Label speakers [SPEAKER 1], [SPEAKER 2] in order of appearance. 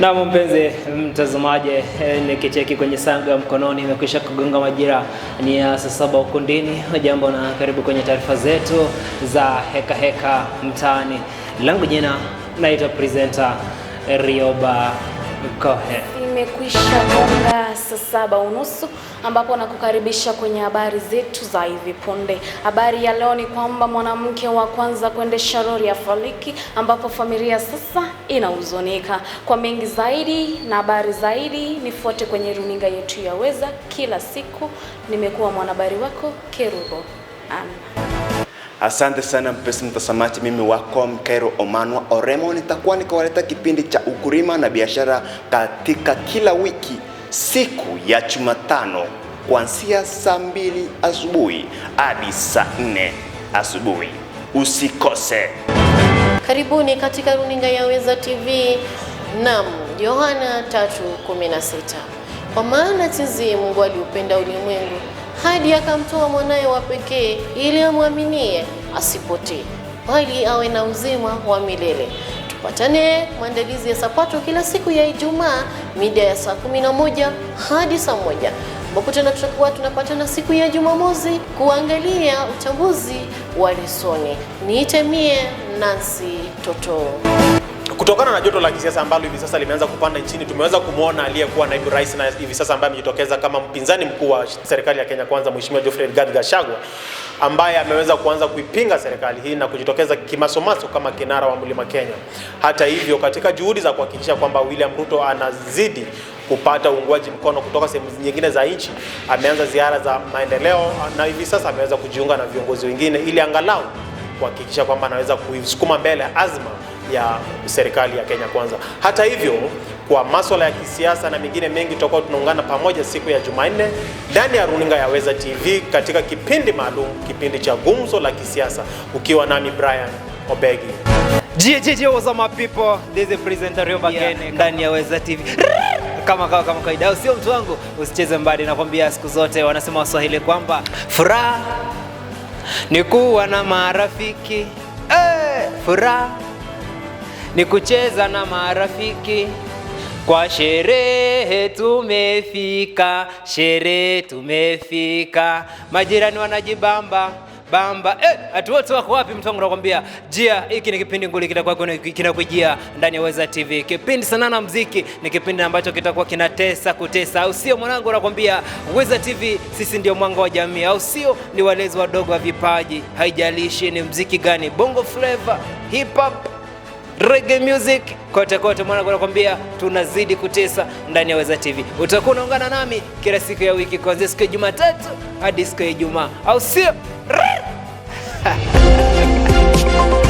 [SPEAKER 1] Na mpenzi mtazamaji, eh, nikicheki kwenye sangu ya mkononi imekwisha kugonga majira ni ya saa saba ukundini. Jambo na karibu kwenye taarifa zetu za heka heka mtaani. Langu jina naitwa presenter Rioba Kohe
[SPEAKER 2] imekwisha gonga saa saba unusu ambapo nakukaribisha kwenye habari zetu za hivi punde. Habari ya leo ni kwamba mwanamke wa kwanza kuendesha lori afariki, ambapo familia sasa inahuzunika. Kwa mengi zaidi na habari zaidi, nifuate kwenye runinga yetu ya Weza kila siku. Nimekuwa mwanahabari wako Kerubo Anna.
[SPEAKER 3] Asante sana mpesi mtazamaji, mimi wako Mkero Omanwa Oremo, nitakuwa nikawaleta kipindi cha ukulima na biashara katika kila wiki siku ya Jumatano kuanzia saa mbili asubuhi hadi saa nne asubuhi. Usikose,
[SPEAKER 4] karibuni katika runinga ya Weza TV nam Yohana 3:16 kwa maana tizi Mungu aliupenda ulimwengu hadi akamtoa mwanaye wa pekee ili amwaminie asipotee, bali awe na uzima wa milele. Tupatane maandalizi ya Sapato kila siku ya Ijumaa mida ya saa kumi na moja hadi saa moja ambapo tena tutakuwa tunapatana siku ya Jumamosi kuangalia uchambuzi wa lesoni. Niite mie Nancy Totoo.
[SPEAKER 5] Kutokana na joto la kisiasa ambalo hivi sasa limeanza kupanda nchini, tumeweza kumwona aliyekuwa naibu rais na hivi sasa ambaye amejitokeza kama mpinzani mkuu wa serikali ya Kenya Kwanza, Mheshimiwa Geoffrey Rigathi Gachagua ambaye ameweza kuanza kuipinga serikali hii na kujitokeza kimasomaso kama kinara wa Mlima Kenya. Hata hivyo, katika juhudi za kuhakikisha kwamba William Ruto anazidi kupata uungwaji mkono kutoka sehemu nyingine za nchi, ameanza ziara za maendeleo na hivi sasa ameweza kujiunga na viongozi wengine ili angalau kuhakikisha kwamba anaweza kuisukuma mbele azma ya serikali ya Kenya Kwanza. Hata hivyo, kwa masuala ya kisiasa na mengine mengi, tutakuwa tunaungana pamoja siku ya Jumanne ndani ya runinga ya Weza TV katika kipindi maalum, kipindi cha gumzo la kisiasa, ukiwa nami Brian Obegi.
[SPEAKER 6] Ndani ya Weza TV kama kawa kama kawaida, sio? Mtu wangu usicheze mbali, nakwambia siku zote wanasema Waswahili kwamba furaha ni kuwa na marafiki eh, furaha ni kucheza na marafiki kwa sherehe tumefika, sherehe tumefika, majirani wanajibamba bamba hatu eh, wote wako wapi? Mtongo nakwambia jia, hiki ni kipindi nguli kitakuwa kinakujia ndani ya Weza TV, kipindi sana na mziki, ni kipindi ambacho kitakuwa kinatesa kutesa, au sio mwanangu? Nakwambia Weza TV sisi ndio mwanga wa jamii, au sio? Ni walezi wadogo wa vipaji, haijalishi ni mziki gani, bongo flavor, hip hop reggae music kote kote, mwana nakwambia tunazidi kutesa ndani ya Weza TV. Utakuwa unaungana nami kila siku ya wiki kuanzia siku ya Jumatatu hadi siku ya Ijumaa, au sio?